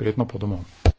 Prijetno po domov.